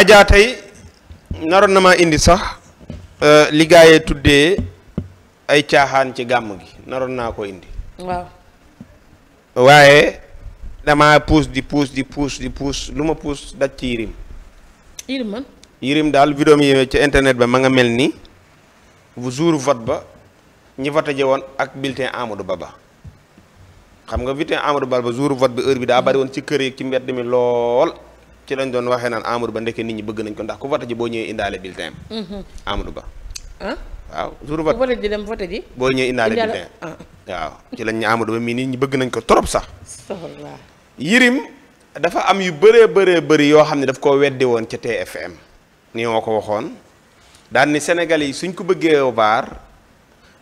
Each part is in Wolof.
Adja naroon na maa indi sax euh, li gaa yee tuddee ay caaxaan ci gàmm gi naroon naa ko indi. waaw. waaye damaa puus di puus di puus di puus lu ma puus daj ci yirim. yirim man. yirim daal vidéo yi ci internet ba ma nga mel ni bu jour vote ba ñi voté je woon ak bulletin Amadou Ba ba xam nga bulletin Amadou Ba ba jour vote bi heure bi daa bari woon ci kër yi ci mbedd mi lool. ci lañ doon waxee naan Amadou Ba ndekkee nit ñi bëgg nañ ko ndax ku vote ji boo ñëwee indaale bulletin mhm. Amadou Ba ah waaw jour vote vote ji dem vote ah. ci lañ ñu Amadou Ba mii nit ñi bëgg nañ ko trop sax yirim dafa am yu bëree bëree bari yoo xam ne daf koo weddi woon ca TFM ni moo ko waxoon daan ni Sénégal yi suñ ko bëggee baar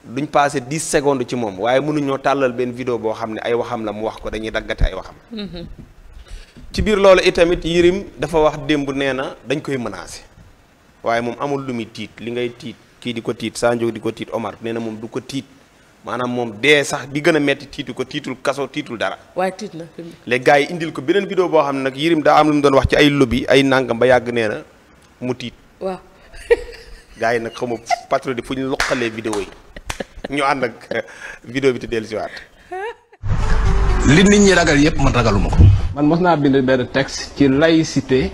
duñ passé dix secondes ci moom waaye mënuñoo tàllal benn vidéo boo xam ne ay waxam la mu wax ko dañuy daggate ay waxam mhm. ci biir loolu itamit Yérim dafa wax démb nee na dañ koy menacer waaye moom amul lu muy tiit li ngay tiit kii di ko tiit Sanjo di ko tiit Omar nee na moom du ko tiit maanaam moom dee sax di gën a metti tiitu ko tiitul kaso tiitul dara. waaye tiit na. les gars yi indil ko beneen vidéo boo xam ne nag Yérim daa am lu mu doon wax ci ay lobby ay nangam ba yàgg nee na mu tiit. waaw. gars yi nag xaw ma patrouille fu ñu loqalee vidéo yi ñu ànd ak vidéo bi te dellusiwaat. li nit ñi ragal yëpp man ragaluma ko. man mos naa bind benn texte ci laïcité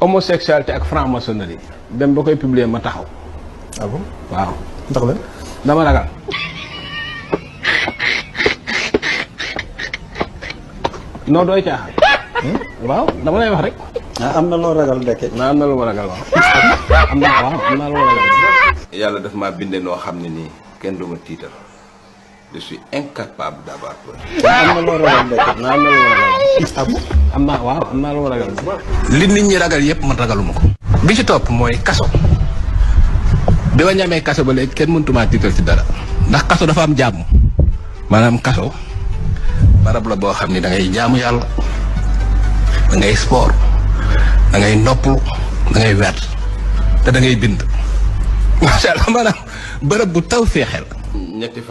homosexualité ak franc-maçonnerie dem ba koy publier ma taxaw. ah bon waaw. ndax la dama ragal. noo doy caaxaan. Hmm? waaw dama lay wax rek. ah am na loo ragal ndekke. am na lu ma ragal waaw. yàlla daf maa bindee noo xam ne nii kenn du ma tiital. je suis incapable d'avoir peur. li nit ñi ragal yëpp man ragaluma ko. bi ci topp mooy kaso. bi ma ñamee kaso ba léegi kenn mëntuma tiital ci dara. ndax kaso dafa am jàmm. maanaam kaso barab la boo xam ni da ngay jaamu yàlla da ngay sport da ngay noppalu te da bind. macha bërëb bu taw feexel. ñetti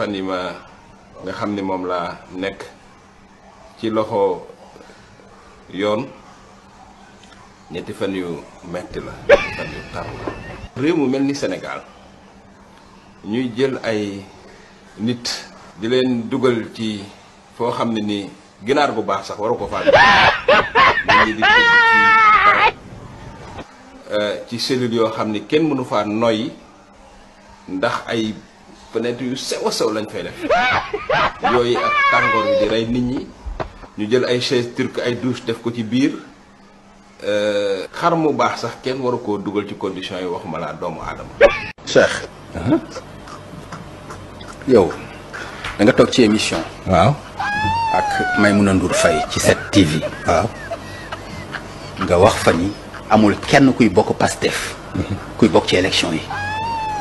nga xam ni moom laa nekk ci loxo yoon ñetti fan yu metti la réew mu mel ni senegaal ñuy jël ay nit di leen dugal ci foo xam ne ni ginaar bu baax sax waru ko faa ñu euh, ci cellule yoo xam ni kenn mënu faa noyyi ndax ay fenêtre yu sew sew lañ fay def yooyu ak tàngoor bi di rey nit ñi ñu jël ay chaise turque ay douche def ko ci biir euh, xar mu baax sax kenn waru koo dugal ci condition yi waxuma laa doomu aadama Cheikh yow danga toog ci émission waaw ak a Ndour Faye ci 7TV waaw nga wax fa ni amul kenn kuy bokk Pastef mhm. kuy bokk ci élection yi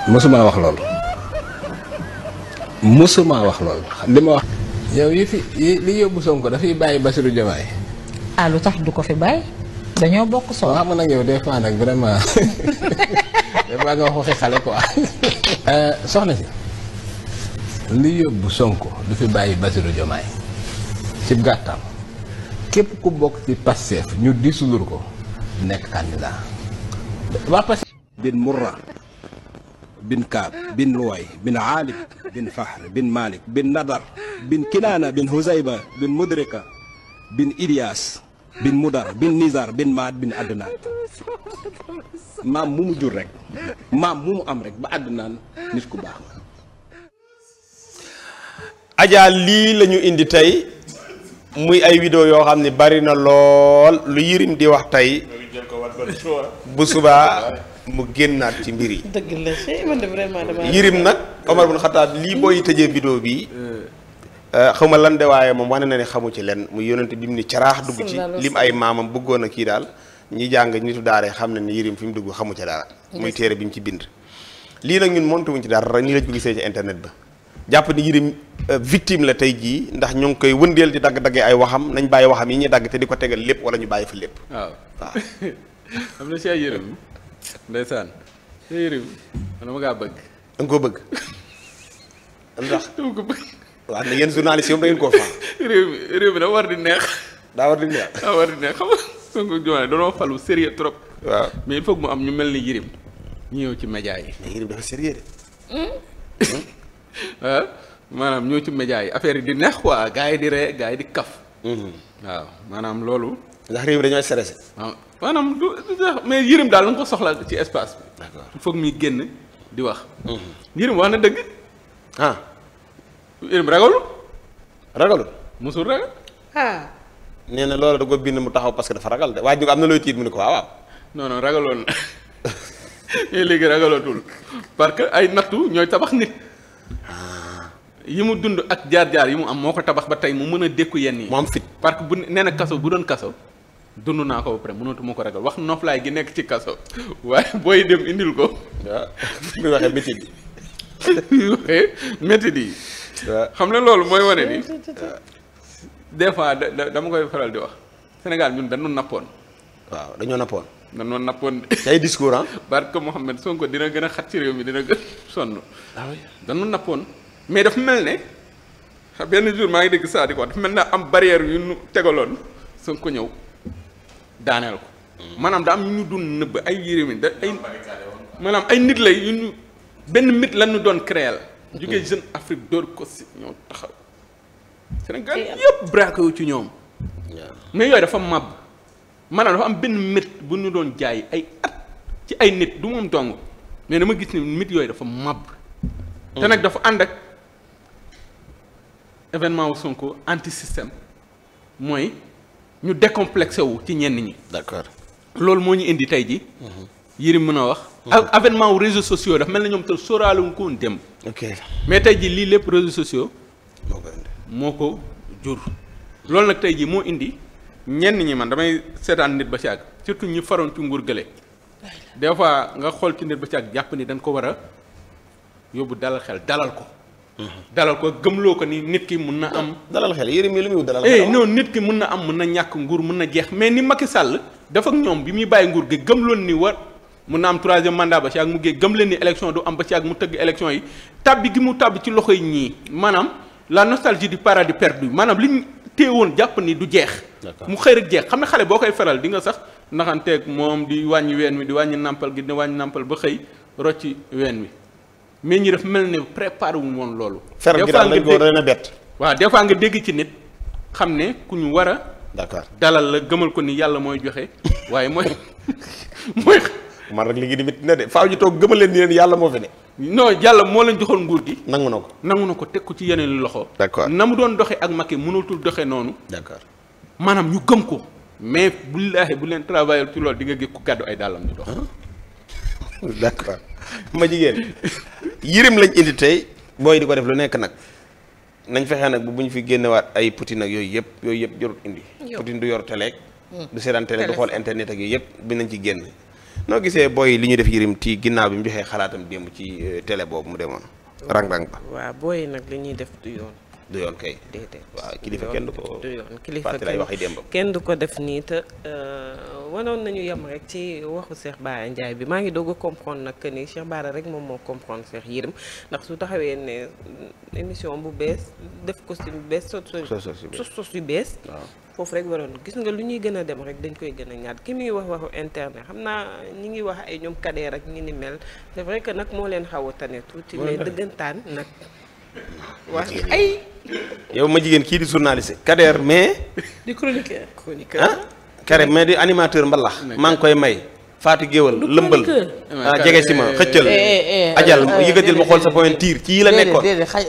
mosuma wax loolu mosuma wax loolu li ma wax. yow yi fi li yóbbu Sonko dafay bàyyi Bassirou Diomaye. ah lu tax du ko fi bàyyi. dañoo bokk soo xam nag yow des fois nag vraiment des nga wax xale quoi. Euh, soxna si. li yóbbu Sonko du fi bàyyi Bassirou Diomaye. ci gàttal. képp ku bokk ci Pastef ñu dissoudre ko. nekk candidat. waa Pastef bin Murra bin Kaab bin Luway bin Aalib. bin Fahr bin Malik bin Nadar bin Kinaana bin Huzayba bin Mudrika bin Ilyas bin Mudar bin Nizar bin Maad bin Adnaan maam mu mu jur rek maam mu mu am rek ba Adnaan nit ku baax la. Adja lii lañu indi tey muy ay vidéo yoo xam ne bari na lool lu yirim di wax tey bu subaa. mu génnaat ci mbir yi. dëgg yirim nag Omar bun Xataab lii booy mm. tëjee vidéo bi mm. euh, xaw ma lan de waaye moom wane na ne xamu ci leen mu yónnante bi mu ni caraax dugg ci lim ay maamam bëggoon a kii daal ñi jàng nitu daare xam ne ni yirim fi mu dugg xamu ca dara muy téere bi mu ci bind lii nag ñun monté wuñ ci dara nii la ko gisee ci internet ba jàpp ni yirim euh, victime la tey jii ndax ñu ngi koy wëndeel di dagg-daggee ay waxam nañ bàyyi waxam yi ñuy dagg te di ko tegal lépp wala ñu bàyyi fa lépp waaw am na ndeysaan Yérim man ma ngaa bëgg. da nga koo bëgg. ndax ko bëgg. waaw ne yéen journaliste yow da ngeen koo faa. réew mi dafa war di neex. daa war di neex. daa war di neex xam nga Sonko mais il mu am ñu mel ni Yérim ñëw ci média yi. mais dafa sérieux de. Hmm? Ah, maanaam ñëw ci média yi affaire yi di neex quoi gars yi di ree gars yi di kaf. Hmm. waaw maanaam loolu. ndax réew mi dañoo stressé. Ah. maanaam mais yërim daal la nga ko soxla ci espace bi. d'accord foog muy génn di wax. Mhm. yërim wax na dëgg. ah. yërim ragalul. ragalul. musul ragal. ah. nee na loolu da ko bind mu taxaw parce que dafa ragal de waaye ñu am na looy tiit mu ne ko waaw waaw. ragaloon na mais léegi ragalootul parce que ay nattu ñooy tabax nit. Ah. yi mu dund ak jaar-jaar yi mu am moo ko tabax ba tey mu mën a dékku yenn yi. mu am fit parce bu nee na kaso bu doon kaso. dund naa ko ba pare mënatuma ko ragal wax noflaay gi nekk ci kaso waaye booy dem indil ko. waaw li ñu waxee métti yi. li eh, xam ne loolu mooy wane ni. Eh, des fois da dama koy faral di wax. Sénégal ñun dañu nappoon. waaw dañoo nappoon. dañoo nappoon de. say discours ah. Barke Mouhamed Sonko dina gën a xat ci réew mi dina gën sonn. Ah danu nappoon mais dafa mel ne benn jour maa ngi dégg saa di ko dafa mel ne am barrière yu ñu tegaloon Sonko ñëw. daaneel ko maanaam daa am ñu ñu nëbb ay yérémi da ay maanaam ay nit lay yu ñu benn mit lan ñu doon créer jugee jeune Afrique door ko si ñoo taxaw Sénégal yëpp braqué wu ci ñoom mais yooyu dafa màbb maanaam dafa am benn mit bu ñu doon jaay ay at ci ay nit du moom dong mais dama gis ni mit yooyu dafa màbb te nag dafa ànd ak événement wu Sonko anti mooy ñu décomplexé wu ci ñenn ñi. d'accord loolu moo ñu indi tey ji mhm. yére mën a wax. Mhm. ak avènement wu réseaux sociaux daf mel na ñoom te sóoraale wu ko woon démb. ok mais tey ji lii lépp réseaux sociaux. moo ko jur. loolu nag tey jii moo indi ñenn ñi man damay seetaan nit ba ci àgg surtout ñi faroon ci nguur gële. des fois nga xool ci nit ba ci àgg jàpp ni dañ ko war a yóbbu dalal xel dalal ko. dalal ko loo ko ni nit ki mun na am. Mm-hmm. dalal xel yëri mi lu muy dalal eh, xel non nit ki mun na am mun na ñàkk nguur mun na jeex mais ni Macky Sall dafa ak ñoom bi muy bàyyi nguur gi gëm gëmloon ni war mun na am troisième mandat ba ci ak mu géey gëm leen ni élection du am ba ci ak mu tëgg élection yi tàbbi gi mu tàbbi ci loxo yi ñii maanaam la nostalgie du paradis perdu maanaam liñ téewoon jàpp ni du jeex. mu xëy rek jeex xam ne xale boo koy faral di nga sax naxanteeg moom di wàññi ween wi di wàññi nàmpal gi di wàññi nàmpal ba xëy rocci ween wi mais ñi def mel ne prépare wu woon loolu. ferme gi daal lañ ko ren a bett. waaw des fois nga dégg ci nit xam ne ku ñu war a. d'accord dalal la gëmal ko ni yàlla mooy joxe waaye mooy mooy. man rek léegi tamit na de faaw ñu toog gëmal leen ni yàlla moo fi ne. non yàlla moo leen joxoon nguur gi. nangu na ko nangu na ko teg ko ci yeneen loxo. d'accord na mu doon doxee ak Macky mënatul doxee noonu. d'accord maanaam ñu gëm ko. mais billaahi bu leen travaillé ci loolu di nga gis ku gàddu ay dàllam di dox. d' ma jigéen yërim lañ indi tey booy di ko def lu nekk nag nañ fexe nag bu buñ fi génnewaat ay poutine ak yooyu yëpp yooyu yëpp jarut indi. poutine du yor teleeg. Hmm. du seetaan télé du xool internet ak yooyu yëpp nañ ci génn. noo gisee booy li ñu def yërim ci ginnaaw bi mu joxee xalaatam démb ci euh, télé boobu mu demoon. rang rang ba waaw booy nag li ñuy def du yoon. du yoon kay. waaw kilifa kenn du ko. du yoon kilifa kenn du ko def nii te euh, wanoon nañu yem rek ci waxu Cheikh Bara Ndiaye bi maa ngi dogg a nag que ni Cheikh Bara rek moom moo comprendre Cheikh Yérim ndax su taxawee ne émission bu bees def ko si bees. sos sos yu bees. foofu rek waroon gis nga lu ñuy gën a dem rek dañ koy gën a ñaat ki muy wax waxu internet xam naa ñi ngi wax ay ñoom kadeer ak ñi ni mel c'est vrai que nag moo leen xaw a tane tuuti mais dëggantaan nag wax yow ma jigéen kii di journaliste Kader mais. di chroniqueur chroniqueur ah. Kader mais di animateur mbalax. maa ngi koy may. Fatou Géwal lëmbal ah jege si ma eh, xëccal. Eh, eh, ajal yëkkatil ma xool sa pointure kii la nekkoon.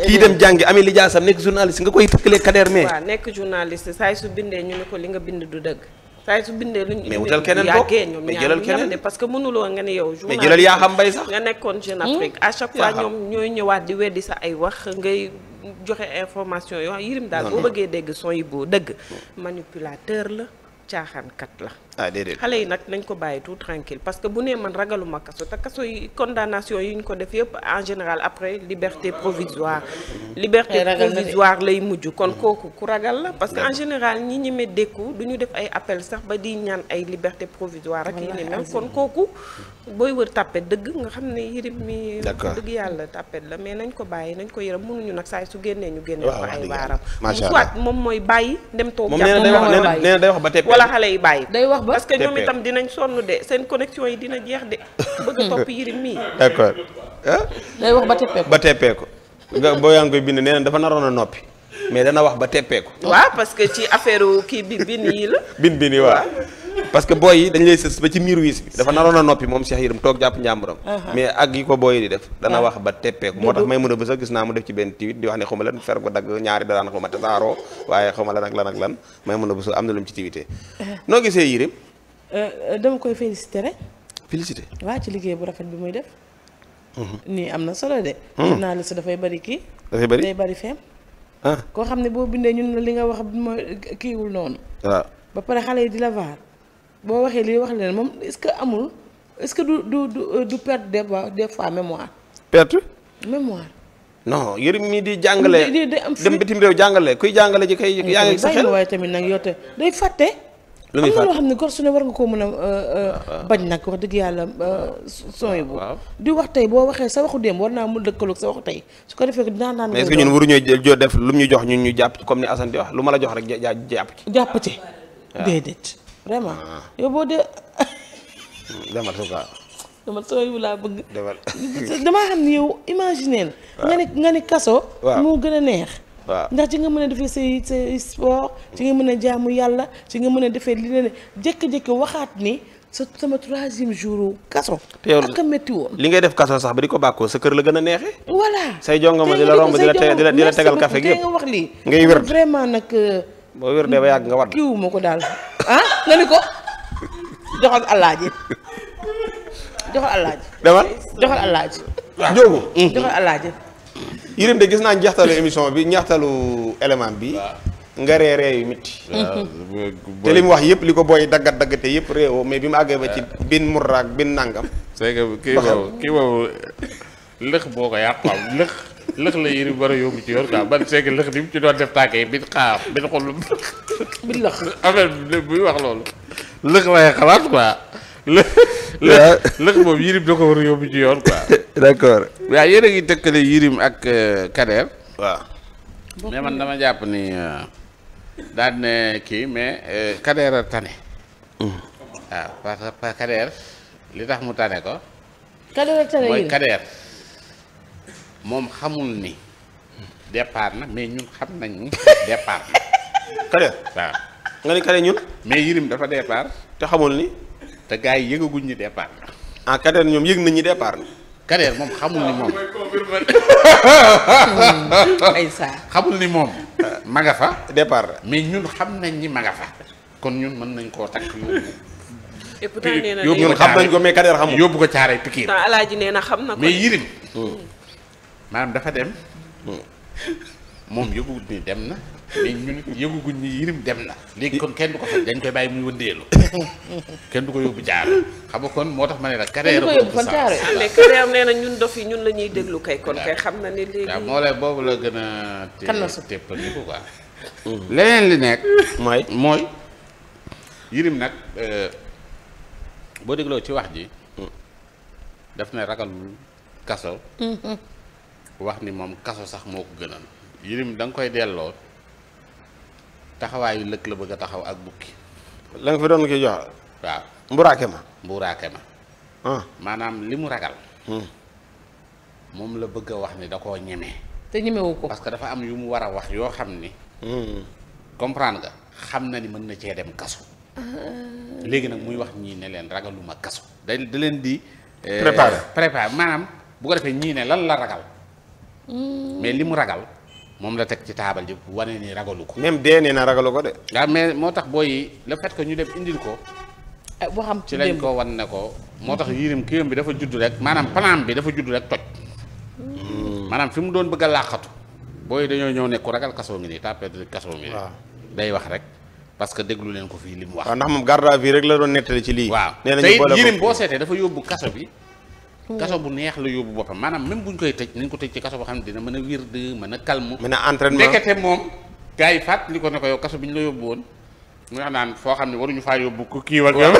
kii dem jàngi ami li jaasam nekk journaliste nga koy tëkkalee Kader mais. nekk journaliste saay su bindee ñu ne ko li nga bind du dëgg. saay su bindee luñ mais wutal keneen bokk mais jëlal keneen parce que mënuloo nga ne yow journaliste mais jëlal yaa sax nga nekkoon Jeune hmm? Afrique à chaque fois ñoom di sa ay wax ngay joxe informations yoo yirim daal boo bëggee dégg son yi boo dëgg manipulateur la caaxaankat la ah xale yi nag nañ ko bàyyi tout tranquille parce que bu nee man ragaluma kaso te kaso yi condamnation yi ñu ko def yëpp en général après liberté provisoire liberté provisoire lay mujj kon mm. kooku ku ragal la parce que en général ñi ñemee dékku du ñu def ay appel sax ba di ñaan ay liberté provisoire ak yi ne mel kooku booy wër tàppet dëgg nga xam ne yirim mi dëgg yàlla tàppet la mais nañ ko bàyyi nañ ko yërëm mënuñu nag saay su génnee ñu génne ko ay waaram soit moom mooy bàyyi dem toog jàpp wala xale yi bàyyi ba parce que ñoom itam dinañ sonn de seen connexion yi dina jeex de bëgg a topp Yirim mii d'accord day wax ba teppeeku ba teppeeku nga boo yaa ngi koy bind nee na dafa naroon noppi mais dana wax ba teppeeku waa parce que ci affaire kii bi bin yi la bin bin yi waaw parce que booy yi dañ lay sës ba ci miir wiis bi dafa naroon a noppi moom Cheikh Yérim toog jàpp njàmburam uh-huh. mais ak yi ko booy yi di def dana uh-huh. wax ba teppeeku moo tax may mën a bës a gis naa mu def ci benn tiwit di wax ne xaw ma fer ko dagg ñaari daraan xaw ma tasaaroo waaye xaw ma lan ak lan ak lan may mën a bës am na lu mu ci tiwitee uh-huh. noo gisee Yérim uh, dama koy félicité rek félicité waaw ci liggéey bu rafet bi muy def nii am na solo de journaliste dafay bari kii dafay bari day bari ah. koo xam ne boo bindee ñun li nga wax mooy kiiwul noonu waaw ba pare xale di la vaar boo waxee lii wax leen moom est-ce que amul est-ce que du du du euh, du perte des fois des fois mémoire. perte. mémoire. non yërim mii di jàngale. dem bitim réew jàngale kuy jàngale ji kay. yaa ngi sa xel waaye tamit nag yoo te day fàtte. lu loo xam ne gor su war nga koo mën a. Euh, euh, bañ nag wax dëgg yàlla son yi bu di wax tey boo waxee sa waxu démb war naa mun dëkkaloog sa waxu tey su ko defee dinaa naan. mais est-ce que ñun waruñoo jo def lu mu ñu jox ñun ñu jàpp comme ni Assane di wax lu ma la jox rek ja jàpp ci. jàpp ci déedéet. vraiment ah. yow boo de demal suuka. demal soo yu laa bëgg. demal damaa xam ni yow imaginer la. nga ni nga ni kaso. moo gën a neex. waaw ndax ci nga mën a defee say say sport ci nga mën a jaamu yàlla ci nga mën a defee li ne jëkk jékki waxaat ni sa sama troisième jour kaso. te yow ak métti woon li ngay def kaso sax ba di ko bàkkoo sa kër la gën a neexee. voilà say jongo ma di la romb di la te di la tegal café gi yëpp. ngay wér vraiment nag. Euh, boo wér dee ba yàgg nga wadd kiiwu ma ko daal. ah nga ni ko joxal alaaji joxal alaaji. demal joxal alaaji. Ah, Ndiobo. Mm-hmm. joxal alaaji. Yérim de gis naa njeextalu émission bi njeextalu élément bi. nga ree ree yu mm-hmm. te li mu wax yëpp li ko booy daggat daggate yëpp réewoo mais bi mu àggee ba ci bin murraak bin nangam. c'est que kii boobu kii boobu lëx boo ko yàqal lëx. lëx la yëri war a yóbbu ci yoon quoi man c'est que lëx li mu ci doon def tànk yi bi xaar bi xol bi lëx affaire buy wax loolu lëx lay xalaat quoi lë lëx moom yirim da ko war a yóbbu ci yoon quoi d'accord waaw yéen a ngi tëkkale yirim ak euh, Kader waaw mais man dama jàpp ni euh, daal kii mais euh, Kader a tane mm. waaw parce que Kader li tax mu tane ko Kader tane mooy Kader moom xamul ni départ na mais ñun xam nañ ni départ na. Kader waaw. nga ni Kader ñun. mais Yirim dafa départ. te xamul ni. te gars yi yëgaguñ ñu départ na. ah Kader ñoom yëg nañ ni départ na. Kader moom xamul ni moom. ay saa xamul ni moom. fa. départ na mais ñun xam nañ ñi maga fa. kon ñun mën nañ koo takk yóbbu. et pourtant yóbbu ko mais Kader xamul. yóbbu ko caaray pikiir. temps nee na xam na ko mais Yirim. Hmm. maanaam dafa dem moom yëguwut ni dem na mais ñun yëguguñ ni yirim dem na léegi kon kenn du ko fa dañ koy bàyyi mu wëndeelu kenn du ko yóbbu jaaro xam nga kon moo tax ma ne la carrière ko yóbbu fan ñun la ñuy déglu kay kon kay xam na ne léegi moo lay boobu gën a té téppaliku quoi mm. leneen li nekk mooy mooy yirim nag euh, boo dégloo ci wax ji mm. daf ne ragalul kaso mm-hmm. wax ni moom kaso sax moo ko gënal Yérim da nga koy delloo taxawaayu lëkk la bëgg a taxaw ak bukki la nga fi doon ki jox waaw mburaake ma mburaake ma ah. maanaam li mu ragal hmm. moom la bëgg a wax ni da ko ñeme te ñemewu ko parce que dafa am yu mu war a wax yoo xam ni hmm. comprendre nga xam na ni mën na cee dem kaso ah. léegi nag muy wax ñii ne leen ragaluma kaso da da leen di eh, préparer maanaam bu ko defee ñii ne lan la ragal Mm. mais li mu ragal moom la teg ci taabal ji wane ni ragalu ko. même dee nee na ragalu ko de. waaw ah, mais moo tax booy yi le fait que ñu def indil ko. boo ah, xam ci lañ ko wan ne ko. moo tax yirim kiim bi dafa juddu rek maanaam plan bi dafa judd rek toj. Mm. maanaam fi mu doon bëgg a laaxatu. booy dañoo ñëw nekku ragal kasoo ngi nii tapé kasoo ngi nii. day wax rek parce que déglu leen ko fii li mu wax. waaw ndax moom garde à rek la doon nettali ci lii. nee nañu boole yirim boo seetee dafa yóbbu kaso bi. kaso bu neex la yóbbu boppam maanaam même bu ñu koy tëj nañ ko tëj ci kaso boo xam ne dina mën a wird a calme mën a entraînement ndekete yi fàtt li ko ne kaso bi ñu la yóbbu woon mu naan foo xam ne waruñu faa yóbbu ku kii ak yow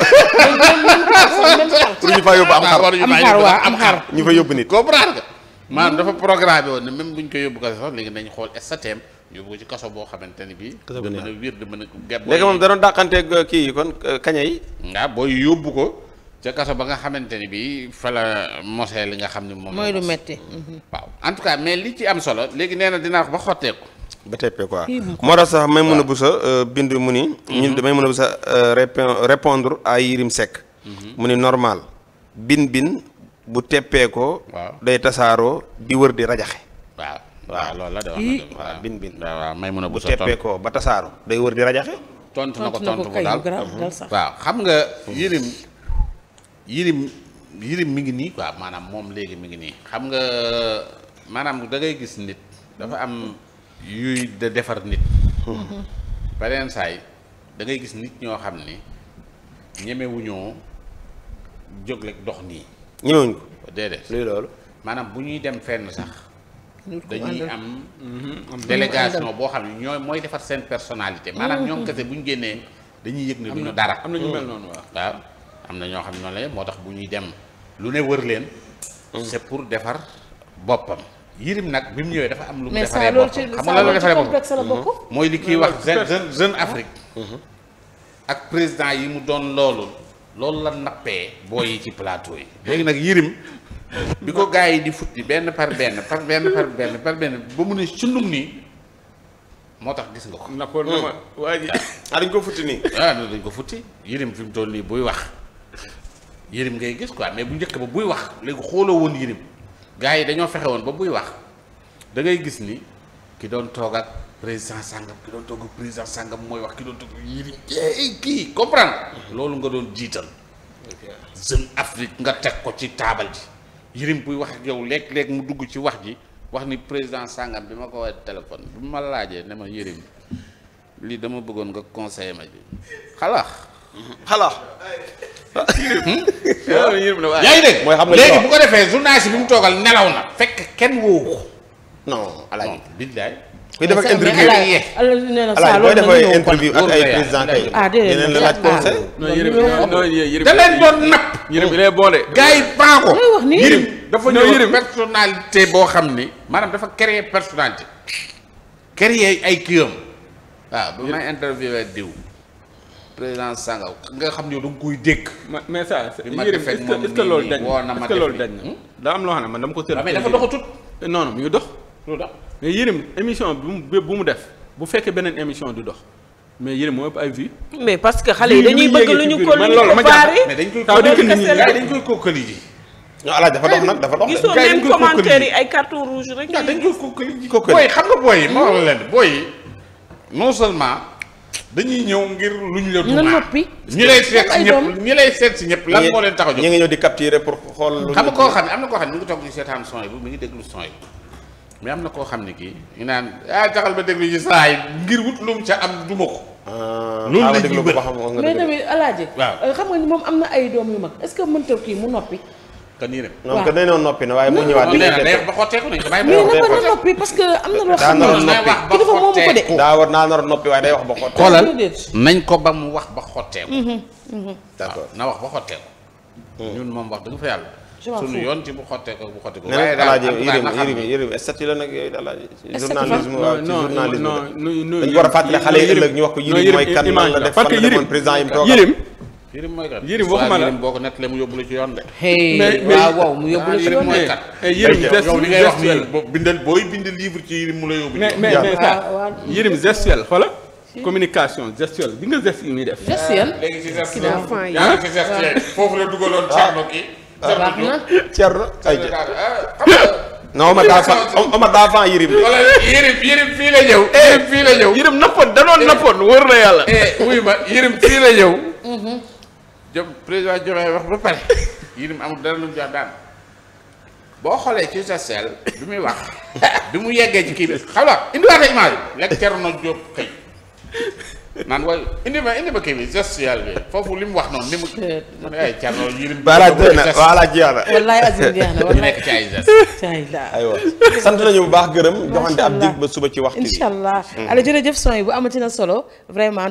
waruñu faa yóbbu am xar waruñu faa yóbbu am xar ñu fa yóbbu nit comprendre nga dafa programme woon ne même bu ñu koy yóbbu kaso sax léegi xool statèm yóbbu ko ci kaso boo xamante ni bii da mën a wird mën a geb léegi moom da doon dàqanteeg euh, kii yi kon euh, kaña yi nga booy yóbbu ko ca kaso ba nga xamante ni bii fa la mosee li nga xam ni moom. mooy lu metti mhm. waaw en tout cas mais li ci am solo léegi neena na dinaa ko ba xotteeku. ba teppee quoi moo tax sax may a bu sa bind mu ni. ñun damay mën a bu sa répondre à Yirim Seck. Mhm. mu ni normal bin bin bu teppee ko. day tasaaroo di wër di rajaxe. waaw waaw loolu la de wax waaw bin bin. may mën a bu sa bu ba tasaaroo day wër di rajaxe. tontu na ko bu daal waaw xam nga Yirim. Yérim Yérim mi ngi nii quoi maanaam moom léegi mu ngi nii xam nga maanaam da ngay gis nit dafa am yuy defar nit beneen saay da ngay gis nit ñoo xam ni ñemewuñoo jóg rek dox nii ñemewuñ ko déedéet lii si maanaam bu ñuy dem fenn sax dañuy am mm-hmm. délégation boo xam ne ñooy mooy defar seen personnalité maanaam ñoom mm-hmm. kese bu ñu génnee dañuy yëg ne duñu dara am na ñu mel noonu waaw waaw am na ñoo xam ne noonu la moo tax bu ñuy dem lu ne wër leen. c'est pour defar boppam. Yérim nag bi mu ñëwee dafa am lu mu defaree boppam xam nga la defaree boppam mm-hmm. mooy li kiy wax mm-hmm. jeune jeune Afrique. Mm-hmm. ak président yi mu doon loolu loolu la nappee booy yi ci plateau yi léegi nag Yérim bi ko gars yi di futti benn par benn par benn par benn par benn ba mu ne sundum nii moo tax gis nga ko. nappoon na mm. waa ji ah, dañ ko futti nii. waaw ah, dañ ko futti Yérim fi buy wax. yërim ngay gis quoi mais bu njëkk ba buy wax léegi xooloo woon yërim gars yi dañoo fexe woon ba buy wax da ngay gis ni ki doon toog ak président sàngam ki doon toog ak président sàngam mooy wax ki doon toog yërim ey kii comprendre loolu nga doon jiital Jeune Afrique nga teg ko ci taabal ji yërim buy wax yow léeg-léeg mu dugg ci wax ji wax ni président sàngam bi ma ko woowee téléphone bi ma laajee ne ma yërim lii dama bëggoon nga conseiller ma ji xalaax xalaax yaa ngi dégg mooy xam nga léegi bu ko defee journaliste bi mu toogal nelaw na fekk kenn woo ko non alaaji billaay kuy def ak interview def ay interview ak ay président kay ah, yeneen la da leen doon napp yërëm lay boole gars yi baa ko yërëm dafa ñëw personnalité boo xam ni maanaam dafa créer personnalité créer ay kiyam waaw bu may interview diw président Sangaw nga xam ne da nga koy dégg. mais ça est ce que loolu dañ na est loolu dañ hmm? daa am loo xam ne man dama ko. tëral mais dafa doxatut. non dox. mais Yérim émission bu bu mu def bu fekkee beneen émission du dox. mais yéen moo ëpp ay mais parce que xale yi dañuy bëgg lu ñu ko lu ñu ko faari. mais dañ koy kookali ji dañ dafa dox nag dafa dox. gisoo même commentaire yi ay carton rek. dañ koy kookali ji kookali. booy xam nga booy yi ma wax leen booy yi non seulement dañuy ñëw ngir luñ la. nga noppi ñi lay seet si ñëpp ñi lay seet si ñëpp lan moo leen tax a jóg. ñu ngi ñëw di capturer pour xool. lu xam nga koo xam ne am na koo xam ne mi ngi toog di seetaan son yi mi ngi déglu son yi mais am na koo xam ne kii ñu naan ah taxal ba déglu ci saa yi ngir wut lu mu ca am duma ko. Euh, loolu la ñuy bëri mais tamit alaaji. waaw euh, xam nga ni moom am na ay doom yu mag est-ce que mënta kii mu noppi. kan yéen a. waaw dañoo noppi na waaye mu ñëwaat. ba xotteeku nañ ko bàyyi ba xotteeku noppi parce que am ko daa war naa nar a noppi waaye day wax ba xotteeku. xoolal nañ ko ba mu wax ba xotteeku. Mhm, mhm. d'accord na wax ba xotteeku. Mhm. ñun moom wax dëgg fa yàlla. suñu yoon ci bu xotteeku bu xotteeku. waaye daal am na nga xam ne yërim yërim statut la nag yooyu daal journalisme waaw ci journalisme dañu war a fàttali xale yi ëllëg ñu wax ko yërim mooy kan la def fan la demoon président yi mu toogal yërim mooy kat yërim waxuma la boo ko nettalee mu yóbbu la ci yoon de. mais waaw waaw mu yóbbu la ci ah, yoon de eh, yërim gestuel li ngay wax nii bindal booy bind livre ci yërim mu la yóbbu. mais mais mais ça ah, yërim gestuel xoola communication gestuelle bi nga geste yi muy def. gestuelle ah, léegi ci gestuelle yaa ngi ci gestuelle foofu la dugaloon Thierno kii. baax na Thierno ay jë. non ma daa fan ma daa fan yërim de. wala yërim yërim fii la ñëw. Eh, yërim fii la ñëw yërim nappoon danoon nappoon wër na yàlla. Eh, wuy ma yërim fii la ñëw. Mm-hmm. jom président Diomaye wax ba pare Yérim amul dara lu mu jox daan boo xoolee ci sa sel bi muy wax bi mu yeggee ci kii bi xam nga indiwaat image bi lekk Thierno Diop xëy naan ma indi ma kii bi bi foofu li mu wax noonu ni mu man ay Thierno Yérim balaa jeex na voilà jeex na wallaay na nekk ci ay gestes nañu bu baax gërëm joxante ab dig ba suba ci wax bi incha allah mm. ala jërëjëf son yi bu amati solo vraiment